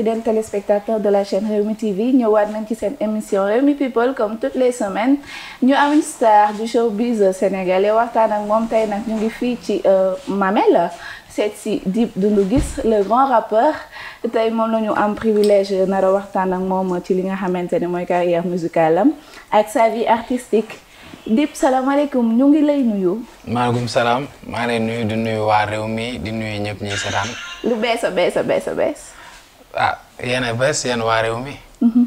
fidèles téléspectateurs de la chaîne Rewmi TV waat nañ ci seen émission Rewmi People comme toutes les semaines ñu am une star du showbiz sénégalais waxtaan ak moom tey nag ñu ngi fii ci euh, Mamelles seet si Dip Doundou gis le grand rappeur tey moom la ñu am privilège nar waxtaan ak moom ci li nga xamante ne mooy carrière musicale am ak sa vie artistique Dip salaamaaleykum ñu ngi lay nuyu. maaleykum salaam maa ngi lay nuyu di nuyu waa réew mi di nuyu ñëpp ñuy seetaan. lu bees a bees a bees a ah yéen a bees yéen waa réew mi. Mhm.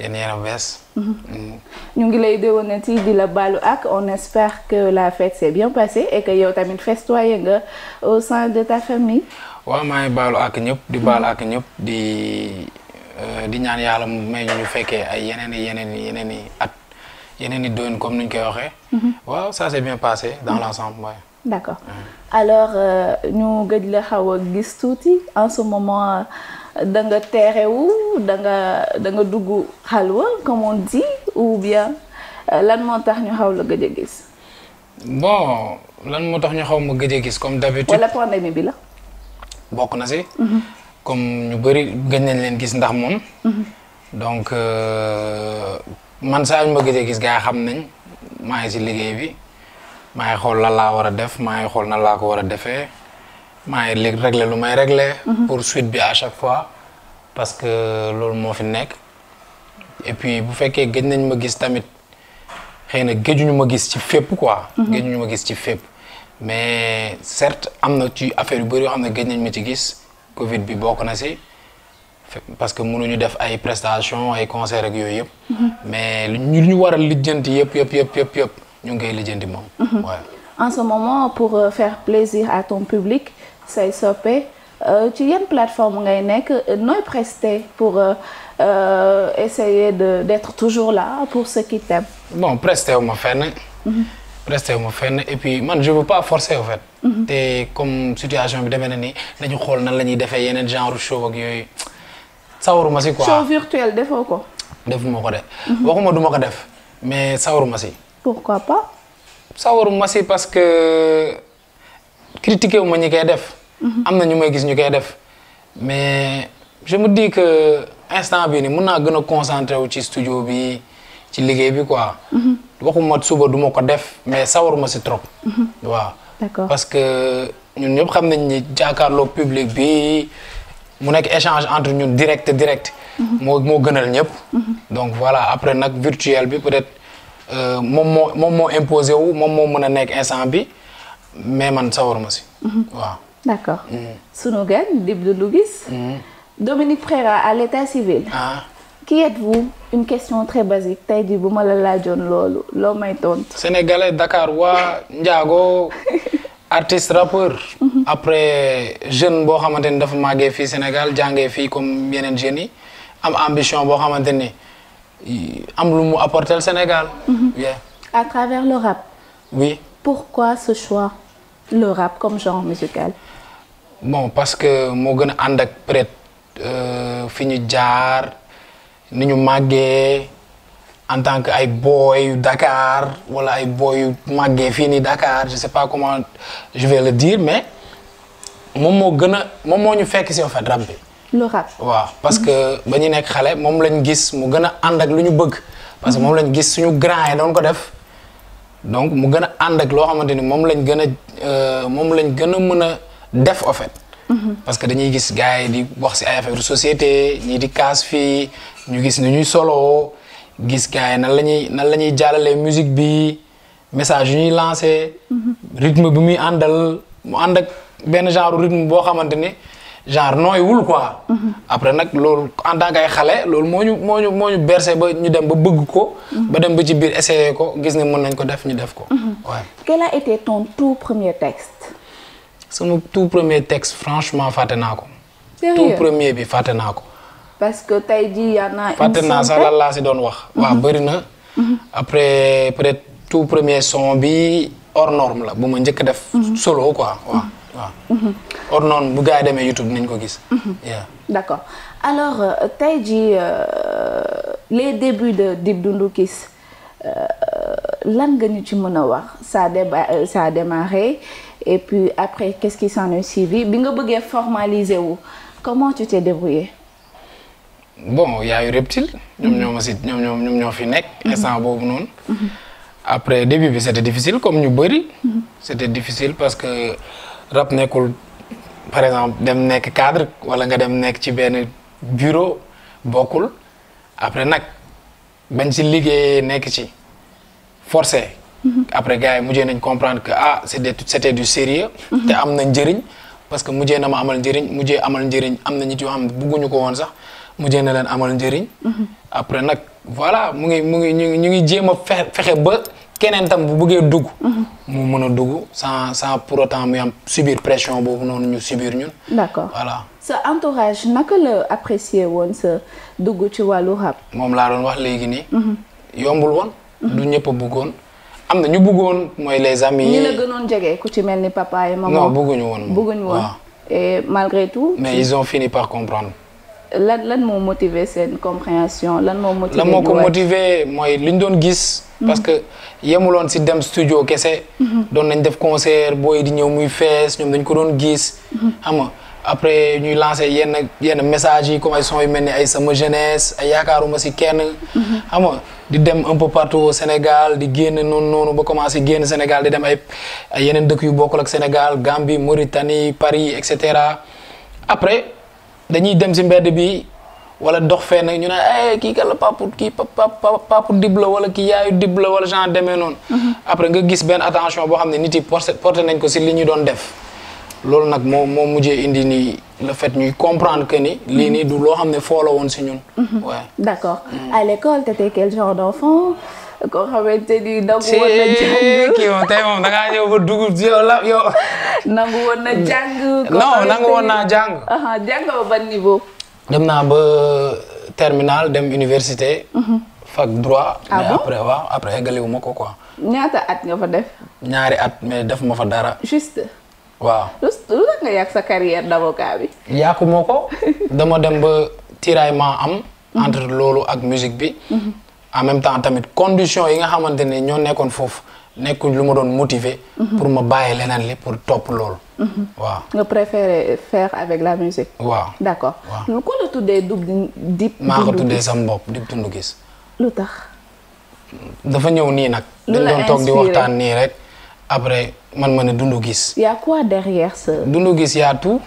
yéen yéen a bees. Mhm. Mm. ñu ngi lay déwénati di la baalu ak on espère que la fête s'est bien passée et que yow tamit festoyé nga au sein de ta famille. waaw maa ngi baalu ak ñëpp di mhm. baalu ak ñëpp di euh, di ñaan yàlla may ñu fekkee ay yeneen i yeneen i yeneen i at yeneen i doon comme ni ñu koy waxee. waaw ça s'est bien passé dans l'ensemble ouais. d'accord alors euh, ñu gëj la xaw a gis tuuti en ce moment. da teexewu danga da dugg xalwa comme on dit ou bien euh, lan moo tax ñu xaw la gëj a gis. bon lan moo tax ñu xaw ma gëj a gis comme d'habitude. wala pandémie bi la. bokk na si. Mm-hmm. comme ñu bari gën nañ leen gis ndax moom. Mm-hmm. donc euh, man saa ñu ma gëj a gis gaa xam nañ maa ngi si liggéey bi maa xool lan laa war a def maa ngi xool nan laa ko war a defee. maa ngi réglé lu may réglé. Mhm. pour suite bi à chaque fois parce que loolu moo fi nekk et puis bu fekkee gëj nañ ma gis tamit xëy na gëjuñu ma gis ci fépp quoi. Mhm. ñu ma gis ci fépp mais certes am na ci affaire yu bëri yoo xam ne gëj nañ ma ci gis Covid bi bokk na si parce que mënuñu def ay prestations ay concerts ak yooyu yëpp. Mhm. mais ñu ñu war a lijjanti yëpp yëpp yëpp yëpp yëpp ñu ngi koy lijjanti moom. en ce moment pour euh, faire plaisir à ton public. say soppe euh, ci yan plateforme ngay nekk euh, nooy prester pour euh, essayer de d'être toujours là pour ceux qui t'aiment. bon prester wu ma fenn. Mhm. prester wu ma fenn et man je veux pas forcer en fait. Mhm. te comme situation bi demee na ni dañu xool nan la ñuy defee yeneen genre show ak yooyu sawaruma si ko show virtuel defoo ko. defuma ko de. Mhm. waxuma ko def mais sawaruma si. pourquoi pas. sawaruma si parce que critiqué wu ma ñi def. Mm-hmm. am na ñu may gis ñu koy def mais je me di que instant bi ni mun naa gën a concentré wu ci studio bi ci liggéey bi quoi. Mm-hmm. waxuma suba du ma ko def mais sawaruma si trop. Mm-hmm. waaw parce que ñun ñëpp xam nañ ni jàkkaarloo public bi mu nekk échange entre ñun direct direct. moo moo gënal ñëpp. donc voilà après nag virtuel bi peut-être euh, moom moo moom moo imposé wu moom moo mën a nekk instant bi mais man sawaruma si. waaw. d'accord mm. sunu gan Dip Doundou Guiss mm. Dominique Préra à l'état civil ah. qui êtes-vous une question très basique tey jii bu ma la laajoon loolu loo may tontu sénégalais Dakar waa Ndiago artiste rappeur mm -hmm. après jeune boo xamante ni dafa màggee fii Sénégal jàngee fii comme yeneen jeunes yi am ambition boo xamante ni am lu mu apporter Sénégal mm -hmm. yeah. à travers rap oui pourquoi ce choix le rap comme genre musical. bon parce que moo gën a ànd ak peut-être euh, fi ñu jaar ni ñu màggee en tant que ay boy yu Dakar wala ay boy yu màggee fii nii Dakar je sais pas comment je vais le dire mais moom moo gën a moom moo ñu fekk si en fait rap bi. le rap waaw parce que ba ñu nekk xale moom lañ gis mu gën a ànd ak lu ñu bëgg. parce que moom lañ gis suñu grand yi doon ko def. donc mu gën a ànd ak loo xamante ni moom lañ gën a euh, moom lañ gën a mën a def en fait. Mm-hmm. parce que dañuy gis gars yi di wax si ay affaire société ñii di kaas fii ñu gis ni ñuy solo gis gars yi nan la ñuy nan la ñuy jàllalee musique bi message ñuy lancé. Mm-hmm. rythme bi muy àndal mu ànd ak benn genre rythme boo xamante ni. genre nooywul quoi. Mhm. après nag loolu en tant xale loolu moo ñu moo ñu moo ñu bercé ba ñu dem ba bëgg ko. Mhm. ba dem ba ci biir essayé ko gis ne mun nañ ko def ñu def ko. waaw mhm. quel a été tout premier texte. sama fàtte naa ko. tout bi fàtte naa ko. parce que tey jii naa. fàtte naa sax lan laa si doon wax. waaw bëri na. après peut-être tout premier son bi hors norme la bu ma njëkk def. solo quoi waaw. waaw. Mm-hmm. or noonu bu gars yi demee YouTube nañ ko gis. Mm-hmm. d'accord alors euh, tey jii euh, les débuts de Dip Doundou Guiss euh, lan nga ñu ci mën a wax ça déba ça a démarré et puis après qu'est-ce qui s'en est suivi bi nga bëggee formaliser wu comment tu t'es débrouillé. bon yaayu reptile. ñoom mm-hmm. ñoo ma si ñoom ñoom ñoom ñoo fi nekk. instant boobu noonu. après début bi c'était difficile comme ñu bari. c'était difficile parce que. rab nekkul par exemple dem nekk cadre wala nga dem nekk ci benn bureau bokkul après nag bañ si liggéeyee nekk ci forcé mhm. après gars yi mujjee nañ comprendre que ah c'était c'était du sérieux mhm. te am na njëriñ parce que mujjee na ma amal njëriñ mujjee amal njëriñ am na nit yoo xam ne bugguñu ko woon sax mujjee na leen amal njëriñ mhm. après nag mu ngi mu a fexe fexe ba keneen tam bu bëggee dugg. Mhm. mu mën a dugg sans sans pour autant muy am subir pression boobu noonu ñu subir ñun. d'accord voilà. sa entourage naka la apprécier woon sa dugg ci wàllu rap. moom laa doon wax léegi ni mhm. yombul woon. Mhm. du ñëpp a bëggoon. am na ñu bëggoon mooy les amis. ñi la gënoon jege ku ci mel ni papa et maman. non bëgguñu woon moom bëgguñu woon. et malgré mais ils ont fini par comprendre. lan lan moo motiver seen compréhension lan moo. motiver ko motiver mooy li ñu doon gis. Mhm. parce que yemuloon si dem studio kese. Mhm. doon nañ def concert boo di ñëw muy fees ñoom dañ ko doon gis. Mhm. xam après ñuy lancé yenn yenn messages yi comme ay son yu mel ni ay sama jeunesse ay yaakaaruma si kenn. xam di dem un peu partout au Sénégal di génn noonu noonu ba commencé génn Sénégal di dem ay ay yeneen dëkk yu bokkul ak Sénégal Gambie Mauritanie Paris et cetera après. dañuy dem si mbedd bi wala dox fenn ñu naan ay eh, kii kan la papu kii papa papu dib la wala kii yaayu dib la wala genre demee noonu. Mm-hmm. après nga gis benn attention boo xam ne nit yi porté porté nañ ko si li ñu doon def. loolu nag moo moo mujjee indi nii le fait ñuy comprendre que ni. lii nii du loo xam ne foo woon si ñun. waaw mm-hmm. d' accord mm. à l' école t' étais quel koo xamante ni nangu woon jàng kii moom tey la yow. jàng. non naa ba ban niveau. dem naa ba terminal dem université. Mhm. fac droit. Ah mais après waaw après eggaliwu ma ko quoi. ñaata at nga fa def. ñaari at mais def ma fa dara. juste. waaw lu tax nga yàq sa carrière d'avocat bi. yàqu moo ko dama dem ba tiraillement am. entre mhm. loolu ak musique bi. Mhm. en même temps tamit condition yi nga xamante ne ñoo nekkoon foofu nekkul lu ma doon motiver. Mhm. pour ma bàyyi leneen li pour topp loolu. Mhm. waaw nga préféré faire avec la musique. waaw d' accord. waaw ko la tuddee dub dip. tuddee sama bopp dip tundu gis. lu tax. dafa ñëw nii nag. dañ doon toog di waxtaan nii rek. après man ma ne dundu gis. y dundu gis y a tout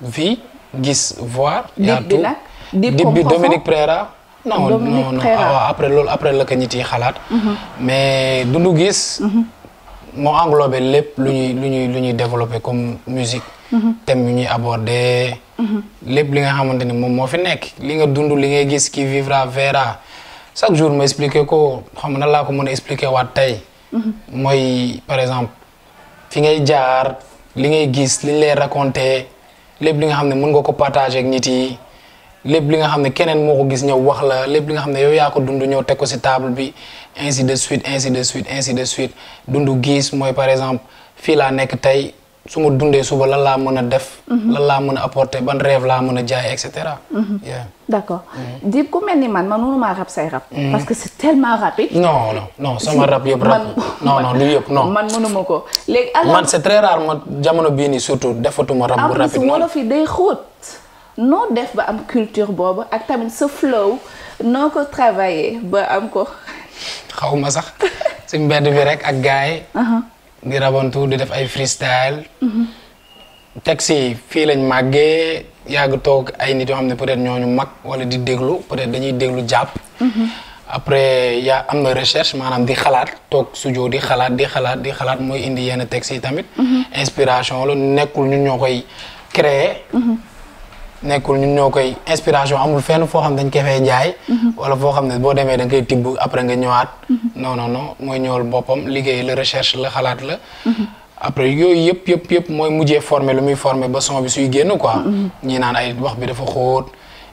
vie gis voir. y dip bi Dominique Prera. non non ah, après loolu après la ko nit yi xalaat. Mhm. mais Doundou gis moo mhm. englobé lépp lu ñuy lu ñuy lu ñuy développé comme musique. Mhm. thème yu ñuy abordé. lépp li nga xamante ni moom moo fi nekk li nga dund li ngay gis qui vivra verra chaque jour moo expliqué ko xam na laa ko mën a expliqué waat tey. mooy par exemple fi ngay jaar li ngay gis li ñu lay lép li nga xam ne mën nga ko partagé ak nit yi. lépp li nga xam ne keneen moo ko gis ñëw wax la lépp li nga xam ne yow yaa ko dund ñëw teg ko ci table bi ainsi de suite insi de suite ainsi de suite dund gis mooy par exemple fii laa nekk tey su ma dundee suba lan laa mën a def. Mhm. lan laa mën a apporter ban rêve laa mën a jaay et cetera. Mhm. d'accord mhm. Dip ku mel man man mënumaa rap say rap. sama rap yëpp rap. non non lu yëpp non. ko man c'est très ma jamono bii nii surtout defatuma rap bu rapide. am na su wolof day xóot. noo def ba am culture boobu ak tamit sa flow noo ko travailler ba am ko. xawma ma sax si mbedd bi rek ak gaay uh-huh. di rabantu di def ay freestyle. Mm-hmm. taxi fii lañ màggee yàgg toog ay nit yoo xam ne peut-être ñooñu mag wala di déglu peut dañuy déglu jàpp. Mm-hmm. après yaa am na recherche maanaam di xalaat toog studio di xalaat di xalaat di xalaat mooy indi yenn textes yi tamit. Mm-hmm. inspiration la nekkul ñu ñoo koy créer. nekkul ñun ñoo koy inspiration amul fenn foo xam ne dañ koy fay jaay. Mhm. wala foo xam ne boo demee da koy tibb après nga ñëwaat. Mhm. non non non mooy ñëwal boppam liggéey la recherche la xalaat la. Mhm. après yooyu yëpp yëpp yëpp mooy mujjee formé lu muy formé ba son bi suy génn quoi. ñi naan ay wax bi dafa xóot.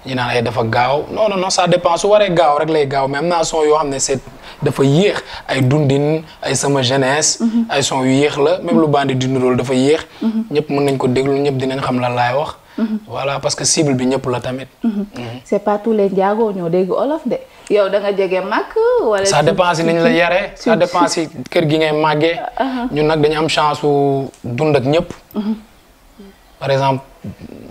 ñi naan ay dafa gaaw non non non ça dépend su waree gaaw rek lay gaaw mais am naa son yoo xam ne c'est dafa yéex ay dundin ay sama jeunesse. ay son yu yéex la même lu bandi di nuróol dafa yéex. ñëpp mën nañ ko déglu ñëpp dinañ xam lan laay wax. voilà parce que cible bi ñëpp la tamit. Mhm. Mhm. c'est pas tous les njaago ñoo dégg olof de yow da nga jege màgg wala. ça dépend si ni ñu la yaree. ça dépend kër gi ngay màggee. Uh-huh. ñun nag dañu am chance su dund ak ñëpp. Mhm. par exemple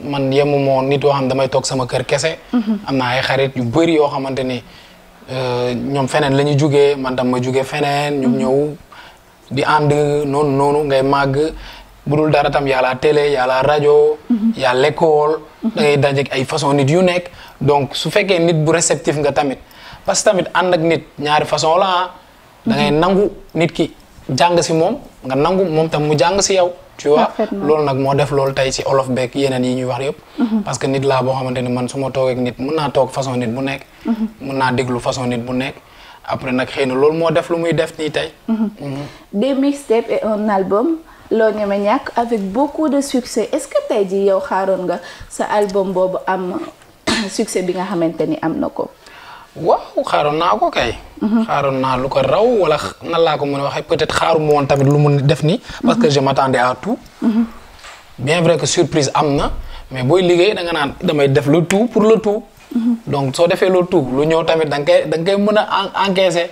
man yemu moo nit yoo damay toog sama kër kese. am na ay xarit yu bëri yoo xamante ni euh, ñoom feneen lañuy ñu jugee man tam ma jugee feneen. ñoom ñëw di ànd noonu noonu ngay màgg. bu dul dara tam y'a la télé y'a la rajo. Mhm. y'a l'école. Mhm. da ngay dajeek ay façon nit yu nekk donc su fekkee nit bu réceptif nga tamit parce que tamit ànd ak nit ñaari façon la ah. da ngay mhm. nangu nit ki jàng si moom nga nangu moom tam mu jàng si yow. tu vois loolu nag moo def loolu tey si olof beeg yeneen yi ñuy wax yëpp. parce que nit laa boo xamante ni man su ma toogee ak nit mun naa toog façon nit bu nekk. mun naa déglu façon nit bu nekk. après nag xëy na loolu moo def lu muy def nii tey. loo ñeme ñàkk avec beaucoup de succès est-ce que tey jii yow xaaroon nga sa album boobu am succès bi nga xamante ni am na ko. waaw xaaroon naa ko kay. Mhm. xaaroon naa lu ko raw wala nan laa ko mën a wax ay peut-être xaaruma woon tamit lu mu def nii. Mhm. parce que je m'attendais à tout. Mhm. bien vrai que surprise am na mais booy liggéey da nga naan damay def le tout pour le tout. donc soo defee loolu tout lu ñëw tamit da nga da nga mën a encaisser.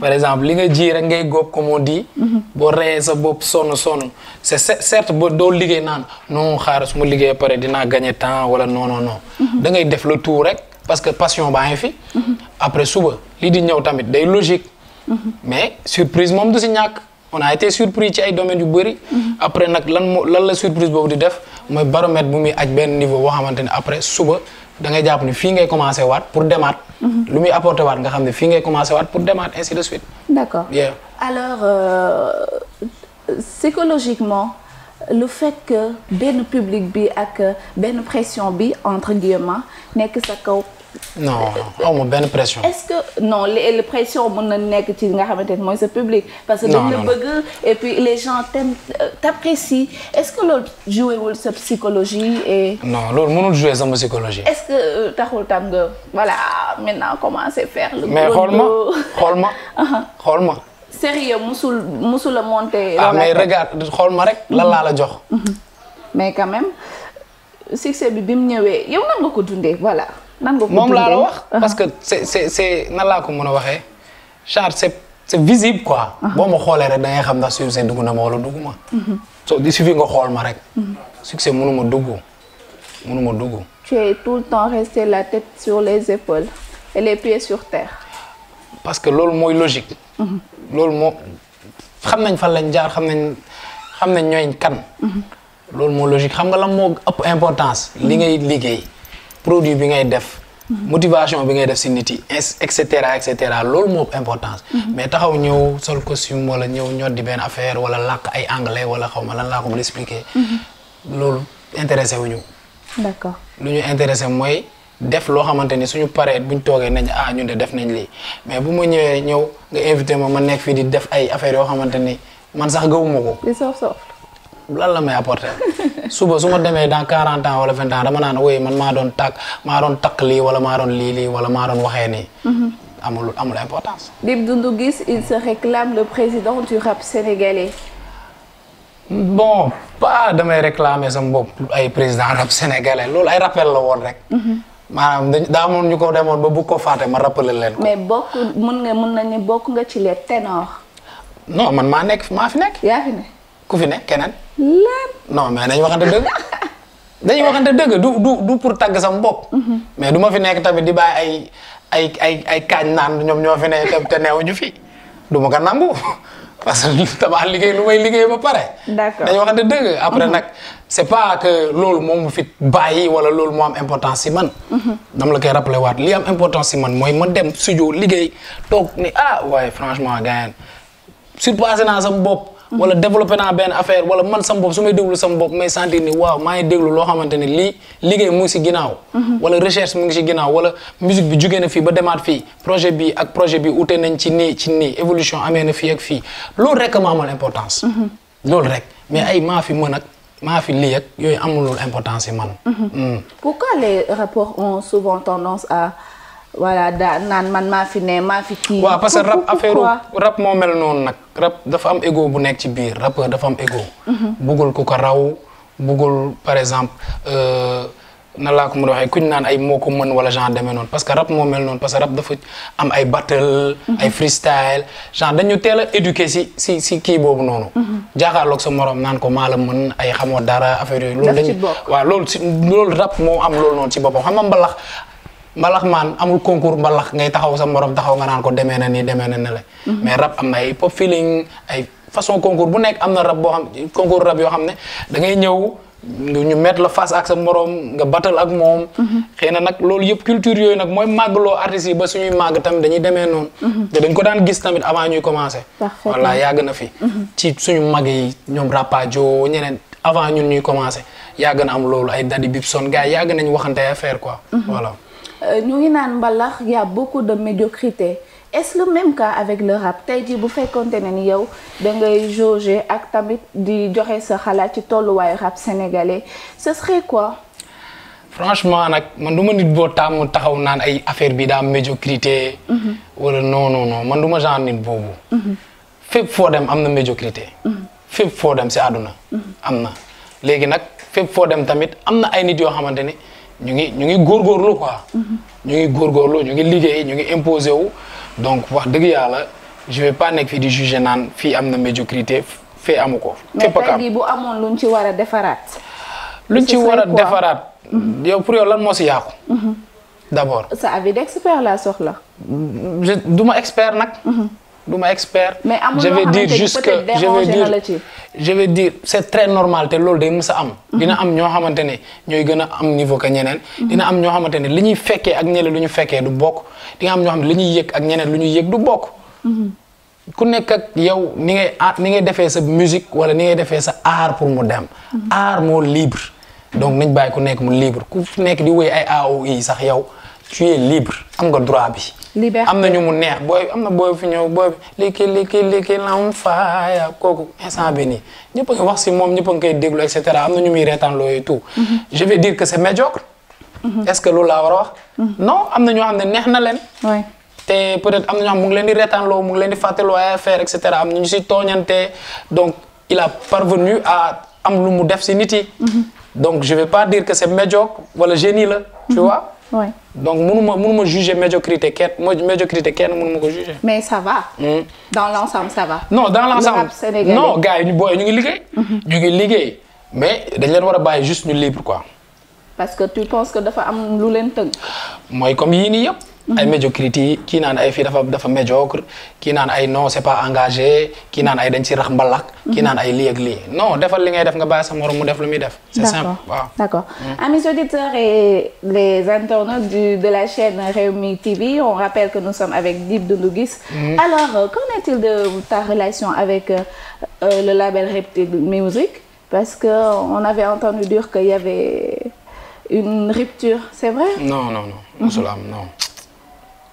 par exemple li nga ji rek ngay góob comme on dit. boo reyee sa bopp sonn sonn c'est certes ba doo liggéey naan non xaar su ma liggéey pare dinaa gagner temps wala non non da ngay def le tout rek parce que passion baa ngi fi. après suba lii di ñëw tamit day logique. mais surprise moom du si ñàkk. on a été surpris ci ay domaines yu bëri. après nag lan moo lan la surprise boobu di def mooy baromètre bu muy aj benn niveau boo xamante ne après suba. da ngay jàpp ni fii ngay commencé waat pour demaat. lu muy apporté waat nga xam ne fii ngay commencé waat pour demaat ainsi de suite. d'accord yeah. alors euh, psychologiquement lu fait que benn public bi ak euh, benn pression bi entre guillemets nekk sa kaw. non aw ma benn pression. est-ce que non le pression mën na nekk ci nga xamante ni mooy sa public. parce que dañ la bëgg et puis les gens t'aiment euh, t'apprécient est-ce que loolu joué wul sa psychologie et. non loolu mënul joué sama psychologie. est-ce que euh, taxul tam nga voilà maintenant commencer faire. le mais xool ma xool ma uh-huh. xool ma. sérieux musul musul a monter. ah mais regarde xool ma rek lan laa la jox. Mm-hmm. mais quand même succès bi bi mu ñëwee yow nan nga ko dundee voilà. nan nga ko moom laa wax parce que c'est c'est nan laa ko mën a waxee genre c'est c'est visible quoi. Ah. boo ma xoolee rek da ngay xam ndax succès dugg na ma wala dugg ma. Mhm. so il suffit nga xool ma rek. Mhm. succès mënu ma dugg mënu ma dugg. tu es tout le temps resté la tête sur les épaules et les pieds sur terre. parce que loolu mooy logique. Mhm. loolu moo xam nañ fan lañ jaar xam nañ xam nañ ñooy kan. loolu moo logique xam nga lan moo ëpp importance. li ngay liggéey. produit bi ngay def. motivation bi ngay def si nit yi et cetera et cetera loolu moo importance. Mhm. mais taxaw ñëw sol costume wala ñëw ñoddi benn affaire wala làkk ay anglais wala xaw ma lan laa ko mën expliquer. Mhm. loolu intéressé wu ñu. lu ñu intéressé mooy def loo xamante ni suñu bu ñu toogee nañ ah ñun de def nañ lii mais bu ma ñëwee ñëw nga invité ma ma nekk fii di def ay affaires yoo xamante ni man sax gëwuma ko. lan la may apporter suba suma demee dans quarante ans wala vingt ans dama naan woy man maa doon takk maa doon takk lii wala maa doon lii lii wala maa doon waxee nii. Mhm. amul amul importance. Dip Doundou Guiss il se réclame le président du rap sénégalais. bon pas damay réclamer sama bopp ay président rap sénégalais loolu ay rappel la woon rek. Mhm. maanaam daa moon ñu ko demoon ba bëgg ko fàtte ma rappelé leen ko. mais bokk mën nga mën nañu bokk nga ci les ténors. non man maa nekk. ku fi ne keneen. non mais dañu waxante dëgg. dañuy waxante dëgg du pour tàgg sam bopp. Mhm. mais du ma fi nekk tamit di bàyyi ay ay ay ay kaañ naan ñoom ñoo fi ne te neewuñu fi du ma ko nangu parce que damaa liggéey lu may liggéey ba pare. d'accord dañu waxante dëgg. après mhm. nag c'est pas que loolu moom fi bàyyi wala loolu moo am importance si man. Mhm. dama la koy rappelé waat li am importance si man mooy ma dem studio liggéey toog ni ah waaye franchement gars surpassé naa sam bopp. wala développé naa benn affaire wala man sama bopp su may déglu sama bopp may sentir waaw maa ngi loo xamante ni lii liggéey mu ngi si ginnaaw mhm. wala recherche mu si ginnaaw wala musique bi jugee na fii ba demaat fii projet bi ak projet bi ute nañ ci nii ci nii évolution amee na fii ak fii loolu rek ma amal importance mhm. loolu rek mais ay maa fi mën ak maa fi lii ak yooyu amulul importance yi man mhm. mm. pourquoi les rapports ont souvent tendance à voilà daa naan ne maa fi kii waaw parce que rap noonu nag rap dafa am ego bu nekk ci biir rab dafa am ego. bëggul ku ko raw bëggul par exemple euh, na laa ko mën a waxee kuñ naan ay moo ko mën wala genre demee noonu parce que rap moo mel noonu parce que dafa am ay battle. ay freestyle genre dañu teel a éduquer si si si kii boobu noonu. jàkkaarloog sa morom naan ko maa la mën ay xamoo dara affaire yooyu. loolu dañ loolu loolu rap moo am loolu noonu ci boppam xam nga mbalax mbalax maan amul concours mbalax ngay taxaw sa moroom taxaw nga naan ko demee na nii demee na ne la mhm. mais rap am na ay pop feeling ay façon concours bu nekk am na rab boo xam concours rap yoo xam ne dangay ngay ñëw ñu mettre la face ak sa moroom nga battal ak moom. Mhm. xëy na nag loolu yëpp culture yooyu nag mooy màggloo artistes yi ba suñuy màgg tamit dañuy demee noonu. Mhm. te dañ ko daan gis tamit avant ñuy commencé. walla yàgg na fi. ci suñu mag yi ñoom Rapadio ñeneen avant ñun ñuy commencé yàgg na am loolu ay Daddy Bibson gars yàgg nañu waxante affaire quoi. voilà. Euh, ñu ngi naan mbalax y a beaucoup de médiocrité est-ce le même cas avec le rap tey jii bu fekkonte ne ni yow da ngay jauger ak tamit di joxe sa xalaat ci tolluwaayu rap sénégalais ce serait quoi. franchement nag man du ma nit boo taamu taxaw naan ay affaire bi daa médiocrité. Mhm. wala non non man du ma genre nit boobu. Mhm. fépp foo dem am na médiocrité. Mhm. fépp foo dem si àdduna. am na léegi nag fépp foo dem tamit am na ay nit yoo xamante ne. ñu ngi ñu ngi góorgóorlu quoi. Mhm. ñu ngi góorgóorlu ñu ngi liggéey ñu ngi imposé wu. donc wax dëgg yàlla je vais nekk fii di juger naan fii am na médiocrité fee amu ko. fépp ak am mais bu amoon luñ ci war a defaraat. luñ ci war a defaraat. Mhm. yow pour yow lan moo si yàqu. Mhm. d' abord. sa avis d' expert laa soxla. je expert nag. du ma expert. je vais dire juste que je vais dire je vais dire c' est très normal te loolu de mës a am. Mhm. dina am ñoo xamante ne ñooy gën a am niveau que ñeneen. Mhm. dina am ñoo xamante ne li ñuy fekkee ak ñeneen lu ñu fekkee du bokk di nga am ñoo xam ne li ñuy yëg ak ñeneen lu ñuy yëg du bokk. Mhm. ku nekk ak yow ni ngay ni ngay defee sa musique wala ni ngay defee sa art pour mu dem. art moo libre donc nañ bàyyi ku nekk mu libre ku nekk di woy ay AOI sax yow tu libre am nga droit bi. liberté am na ñu mu neex booy am na booy fi ñëw booy liki liki liki lam faaya kooku instant bi nii ñëpp a ngi wax si moom ñëpp a ngi koy déglu et cetera am na ñu mu reetaan looyu tout mm-hmm. je vais dire que c'est médiocre mm-hmm. que loolu laa war a wax mm-hmm. non am na xam ne neex na leen te peut-être am na ñoo mu ngi leen di reetaanloo mu ngi leen di fàttaloo ay affaire et cetera am na ñu si tooñante donc il a parvenu am lu mu def si nit donc je vais pas dire que c'est médiocre wala la tu donc mun mënuma mënuma juger médiocrité kenn médiocrité kenn mënuma ko juger. mais ça va. Hmm. dans l' ensemble ça va. non dans l' ensemble non gars yi booy ñu ngi liggéey. Mhm. ñu ngi liggéey mais dañ leen war a bàyyi juste ñu libre quoi. parce que tu penses que dafa am lu leen tënk. mooy comme yii nii yëpp. Mm-hmm. ay médiocrité yi kii naan ay fii dafa dafa médiocre kii naan ay non c'est pas engagé kii naan ay dañ ci rax mbalak kii mm-hmm. naan ay lii ak lii non defal li ngay def nga bàyyi sa morom mu def lu muy def c'est simple waaw d'accord mm. amis auditeurs et les internautes de la chaîne Rewmi TV on rappelle que nous sommes avec Dip Doundou Guiss mm-hmm. alors euh, qu'en est-il de ta relation avec euh, euh, le label Reptile Music parce que on avait entendu dire qu'il y avait une rupture c'est vrai non non non mosul am non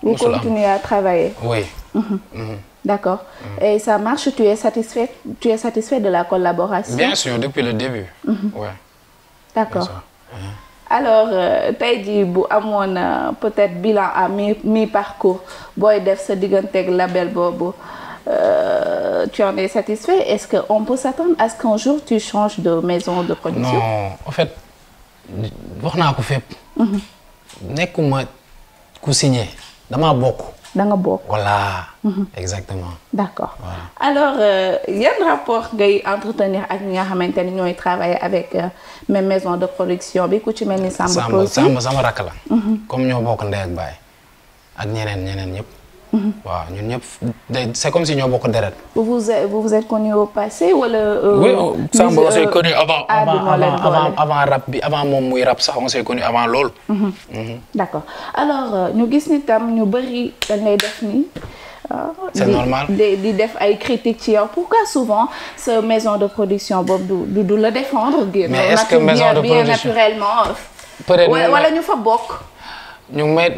ñu continuer à travailler. oui. Mhm. Mhm. d'accord mhm. et ça marche tu es satisfait tu es satisfait de la collaboration. bien sûr depuis le début. ouais. d'accord alors euh, tey jii bu amoon euh, peut-être bilan à mi mi parcours booy def sa digganteeg label boobu euh, tu en es satisfait ce que on peut s'attendre à ce qu'un tu changes de maison de production. non en fait wax naa ko fépp. nekkuma damaa bokk. da nga bokk voilà. Mhm. exactement. d'accord voilà. alors euh, yan rapport ngay entretenir ak ñi nga xamante ni ñooy travailler avec euh, même maison de production bi ku ci mel ni. Samba Samba sama rakk la. Mhm. comme ñoo bokk ndey ak baay ak ñeneen ñeneen ñëpp. waaw ñun ñëpp day c'est comme si ñoo bokk deret. vous vous vous êtes connu au passé wala. Euh, oui Samba on s'est euh, connu avant ah, avant avant rap bi avant sax on s'est connu avant loolu. Mm-hmm. Mm-hmm. d'accord alors euh, ñu gis ni tam ñu bëri dañ lay def c'est normal di def ay critiques ci yo pourquoi souvent sa maison de production boobu du du la défendre. mais est naturellement. wala ñu fa bokk. ñu ngi may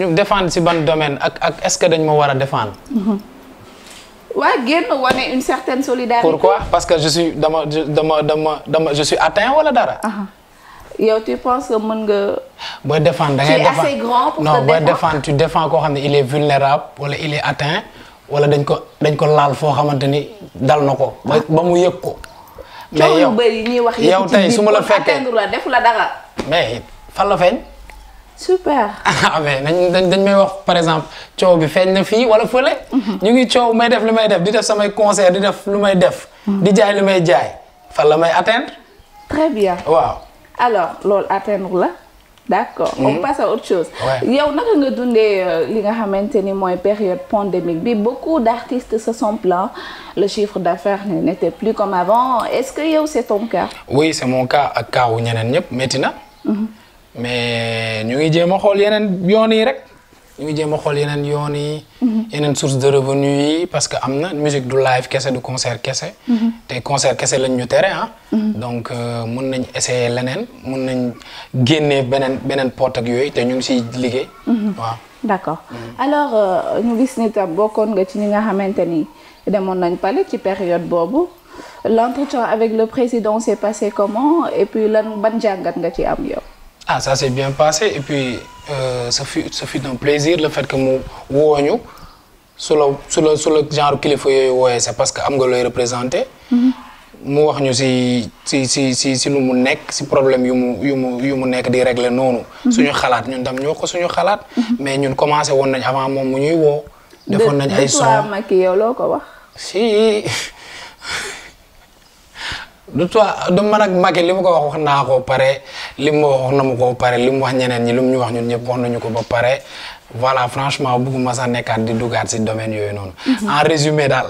ñu défendre ci ban domaine ak ak est-ce que dañ ma war a défendre. waa génn wane une certaine solidarité. pourquoi parce que je suis dama dama dama dama je suis atteint wala dara. Ah ah. yow tu penses que mën nga. booy défendre da ngay défendre koo xam ne il est vulnérable wala il est atteint wala dañ ko dañ ko laal foo xamante ni dal na ko. ba mu yëg ko. mais yow bëri ñuy wax yow tey su ma la fekkee la def la dara. mais fan super. ah mais dañ dañ may wax par exemple coow bi feeñ na fii wala fële. Mhm. ñu ngi coow may def li may def di def samay concert di def lu may def. Mhm. di jaay li may jaay fan la may atteindre. très bien waaw. alors loolu atteindre la. d'accord mmh. on passe à autre chose. yow naka nga dundee euh, li nga xamante ni mooy période pandémique bi beaucoup d'artistes se sont plaints le chiffre d'affaires n'était plus comme avant est-ce que yow c'est ton cas. oui c'est mon cas ak cas ñeneen ñëpp métti na. Mhm. mais ñu ngi jéem a xool yeneen yoon yi rek ñu ngi jéem a xool yeneen yoon yi. Mm-hmm. yeneen source de revenu yi parce que am na musique du live kese du concert kese. Mm-hmm. te concert kese lañ ñu tere ah. mm-hmm. donc euh, mun nañ essayer leneen mun nañ génne beneen beneen porte ak yooyu te ñu ngi si liggéey. waaw d'accord alors euh, ñu gis ni tam bokkoon nga ci ñi nga xamante ni demoon nañ pale ci période boobu. l'entretien avec le président s'est passé comment et puis lan ban jàngat nga ci am yow. ah ça s'est bien passé et puis euh, ça fut ça fut un plaisir le fait que mu wooñu su la su la genre kilifa yooyu wooyee c'est parce que am nga looy représenté. Mm-hmm. mu wax ñu si si si si si lu mu nekk si problème yu mu yu mu yu mu nekk di régler noonu. Mm-hmm. suñu xalaat ñun tam ñoo ko suñu xalaat. Mm-hmm. mais ñun commencé woon nañ avant moom mu ñuy woo. defoon nañ ay son de de yow loo ko wax. si. du toi du man ak Macky li mu ko wax wax naa ko pare li mu wax na mu ko pare li mu wax ñeneen ñi li mu ñu wax ñun ñëpp wax nañu ko ba pare voilà franchement bëgguma sax nekkaat di dugaat si domaine yooyu noonu. Mhm. en résumé daal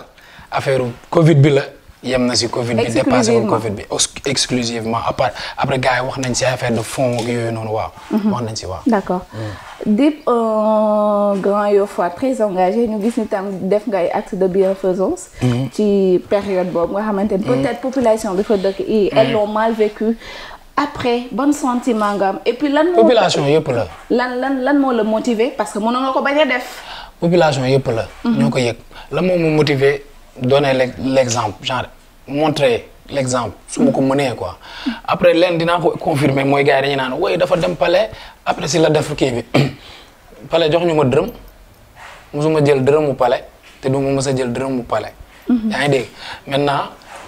affaire Covid bi la. yem na si Covid bi dépassé wul Covid bi exclusivement à part après gars yi wax nañ si de fonds yooyu noonu waaw. Mhm. wax nañ si waaw. d'accord mm. Dip euh, Grand Yoff très engagé ñu gis ni tam def ngay acte de bienfaisance. Mhm. ci période boobu nga xamante ni. Mm. peut-être population bi fa dëkk yi. Mm. elles l'ont mal vécu. après bon sentiment nga am et puis lan. population yëpp la. lan lan lan moo la motiver parce que mënoon nga ko bañ a def. population yëpp la. Mhm. ñoo ko yëg la moom mu motiver donner l'exemple genre. montrer l'exemple su mu ko mënee quoi après leen dinaa ko confirmer mooy gars yi dañu naan woy dafa dem pale après si la def kii bi palais jox ñu ma dërëm mosuma jël dërëm mu palais te du ma a jël dërëm mu palais. Mhm. yaa ngi dégg maintenant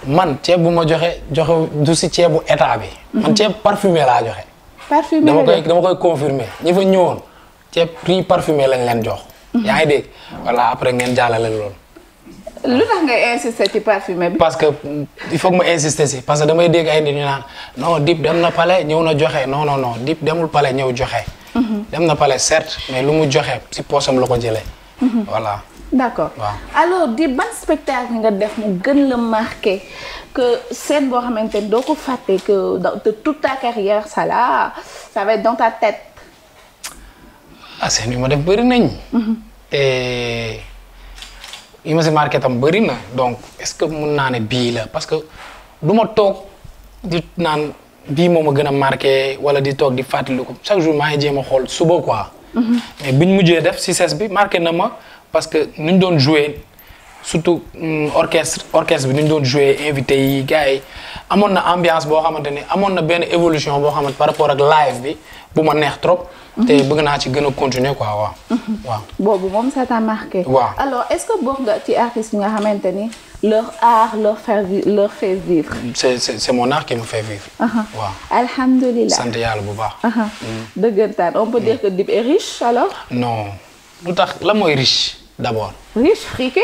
man ceeb bu ma joxe joxe du si ceebu état bi. man mhm. ceeb parfumé laa joxe. parfumé dama koy dama koy confirmer ñi fa ñëwoon ceeb prix parfumé lañ leen jox. Mhm. yaa ngi dégg voilà après ngeen jàllale lool lu tax ngay insister ci parfumé bi. parce que il faut ma insister si parce que damay dégg ay nit ñu naan non Dip dem na pale ñëw na joxe non non non Dip demul pale ñëw joxe. Mhm. dem na Palais certes mais lu mu joxe si poosam la ko jële mhm. voilà. d' accord waaw. alors Dip ban spectacle nga def mu gën la marqué que seen boo xamante ni doo ko fàtte que de toute ta carrière ça là ça va être dans ta tête. ah scène ma def bëri nañ. Mhm. yi ma si marqué tam bëri na donc est-ce que mun naa ne bii la parce que du ma toog di naan bii moom a gën a marqué wala di toog di fàttali ko chaque jour maa ngi jéem a xool suba quoi. mais biñ mujjee def si ses bi marqué na ma parce que nu ñu doon joué surtout mm, orchestre orchestre bi nu ñu doon joué invité yi gars yi. amoon na ambiance boo xamante ne amoon na benn évolution boo xamante par rapport ak live bi bu ma neex trop. te bëgg naa ci gën a continuer quoi waaw. waaw boobu moom ça t'a marqué. waaw alors est-ce que bokk nga ci artistes nga xamante ni leur art leur fait leur fait vivre. c'est c'est mon art qui fait vivre. Uh-huh. waaw alhamdulilah sant yàlla bu baax. Uh-huh. Mm. dëggantaan on peut mm. dire que Dip est riche alors. non lu tax la mooy riche d'abord. riche friqué.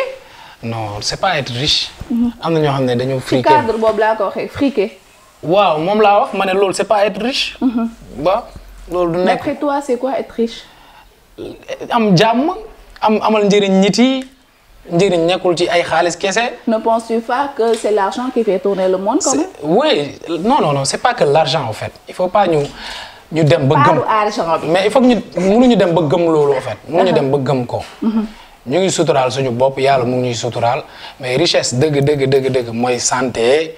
non c'est pas être riche. Mhm. am na ñoo xam ne dañoo friqué. ci cadre boobu laa ko waxee friqué. waaw moom laa wax ma ne loolu c'est pas être riche. Mhm. ba loolu du nekk. toi c'est quoi am jàmm am amal njëriñ nit yi njëriñ nekkul ci ay xaalis kese. ne penses-tu pas que c'est l'argent qui fait tourner le monde quand même. oui non non non c'est pas que l'argent en fait il faut pas ñu dem ba gëm. mais il faut que ñu dem ba gëm loolu uh-huh. dem ba gëm ko. Mhm. ñu ngi suturaal suñu bopp yàlla mu ngi suturaal mais richesse dëgg dëgg dëgg dëgg mooy santé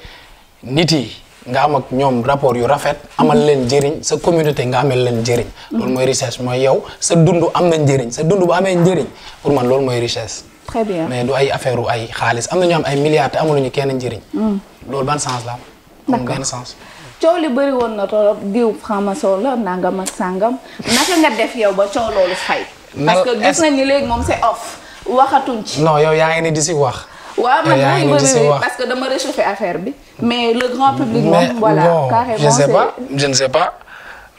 nit yi nga am ak ñoom rapport yu rafet amal leen njëriñ sa communauté nga amal leen njëriñ. loolu mooy richesse mooy yow sa dund am na njëriñ sa dund bu amee njëriñ pour man loolu mooy richesse. très bien mais du ay affaire u ay xaalis am na ñu am ay milliards te amuluñu kenn njëriñ. Hmm. loolu ban sens la am. d'accord benn sens. coow li bëri woon na torop diw franc-maçon la nangam ak sangam naka nga def yow ba coow loolu fay. parce que gis nañ ni off waxatuñ ci. non yow ya ngi ni di si wax. waaw man maa ngi parce que dama réchauffé affaire bi. mais le grand public. moom voilà carrément je ne sais pas je ne sais pas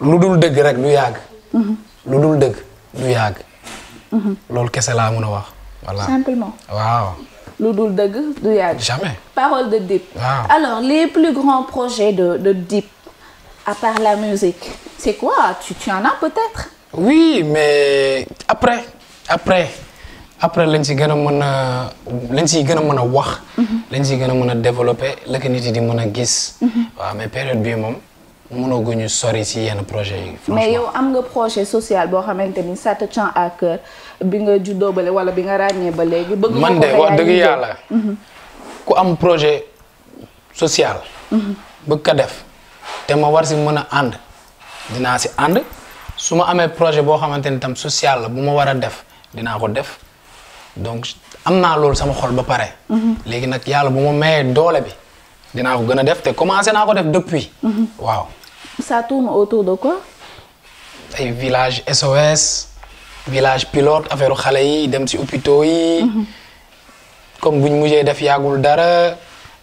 lu dul dëgg rek du yàgg. Mm-hmm. lu dul dëgg du yàgg. Mm-hmm. loolu kese laa wax. voilà lu dul dëgg de Dip. waaw alors les plus grands projets de Dip à la musique c'est quoi tu tu en as oui mais après après après lañ si gën a mën a lañ siy gën a mën a wax. Mhm. lañ si gën a mën a développer la ko nit yi di mën a gis. Mhm. waaw mais période bii moom mënoo gu ñu sori si yenn projet yi. mais yow am nga projet social boo xamante ni ça te tient bi nga juddoo ba wala bi nga ràññee ba léegi. bëgg man de wax dëgg yàlla. Mhm. ku am projet social. bëgg ko def te ma war si mën a ànd dinaa si ànd. su ma amee projet boo xamante ni tam social la bu ma war a def dinaa ko def donc am naa loolu sama xol ba pare. Mhm. léegi nag yàlla bu ma mayee doole bi dinaa ko gën def te commencé naa ko def depuis. Mhm. waaw. ça tourne autour de quoi. ay village SOS village pilote affaire xale yi dem si hôpitaux yi. Mhm. comme buñ mujjee def yàggul dara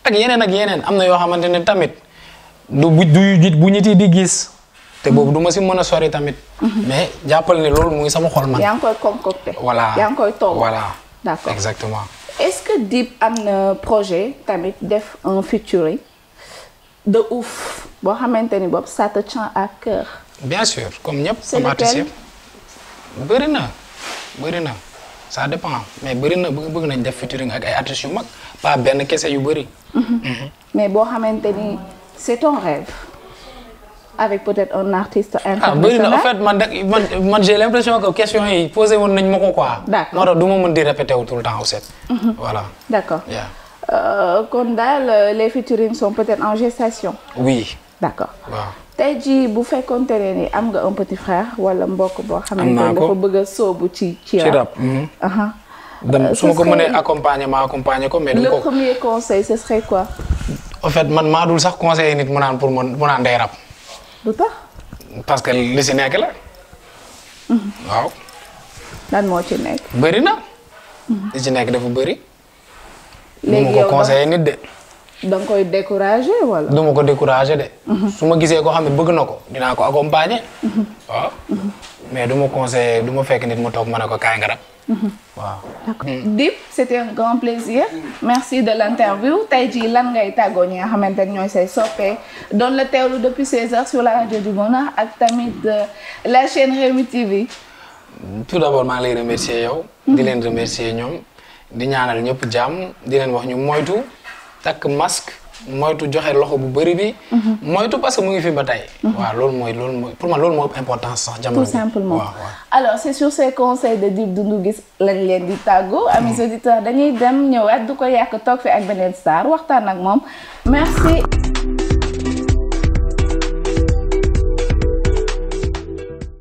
ak yeneen ak yeneen am na yoo xamante ne tamit du bu du bu nit di gis. te boobu du ma si mën a sori tamit. Mhm. mais jàppal ne loolu mu ngi sama xol man. yaa ngi koy concocté. voilà yaa ngi koy togg voilà. d' accord exactement. est que Dip am na projet tamit def un featuring de ouf boo xamante ni boobu ça te tient à cœur. bien sûr comme ñëpp. comme artiste yëpp bëri na sa na ça dépend mais bëri na bëgg nañ def featuring ak ay artistes yu mag pas benn kese yu bëri. Mhm. Mhm. mais boo xamante ton rêve. avec peut-être un artiste ah, international en fait man man man j'ai l'impression que question yi posé woon nañ ma ko quoi. d'accord moo du ma mën di répété wu temps au set. Mhm. voilà. Euh, kon daal euh, les featurings son peut-être en gestation. oui. d'accord waaw. tey jii bu fekkonte ne ni am nga un petit frère wala mbokk boo. xamante ne dafa bëgg a sóobu ci ci rap. dama mhm. euh, su ma ko mënee accompagner ma accompagner ko. mais du man maa sax conseiller mu naan pour mu lu tax. parce que li si nekk la. Mm-hmm. waaw. lan moo ci nekk. bëri na. Mm-hmm. li ci nekk dafa bëri. léegi yow mu ko conseillé nit de. da koy décourager wala. du ma ko décourager de. Mm-hmm. su ma gisee koo xam ne bëgg na ko dinaa ko accompagner. waaw mais du ma conseillé du ma fekk nit mu toog ma ne ko kaay nga rab. waaw. Hmm. Dip c'était un grand plaisir. merci de l'interview tey jii lan ngay tàggoo ñi nga xamante ñooy say soppe doon la teewlu depuis 16 heures sur la radio du bonheur ak tamit euh, la chaîne Rewmi TV. tout d'abord maa lay remercier yow. di leen remercier ñoom di ñaanal ñëpp jàmm di leen wax ñu moytu takk masque. moytu joxe loxo bu bëri bi. Mhm. mooy parce que mu ngi fi ba tey. Mhm. waaw loolu mooy loolu mooy pour man loolu moo importance sax jamono. tout simplement alors c'est sur ces conseils de Dip Doundou Guiss lañ leen di tàggu. amis mhm. auditeurs dañuy dem ñëwaat du ko yàq toog fi ak beneen star waxtaan ak moom merci.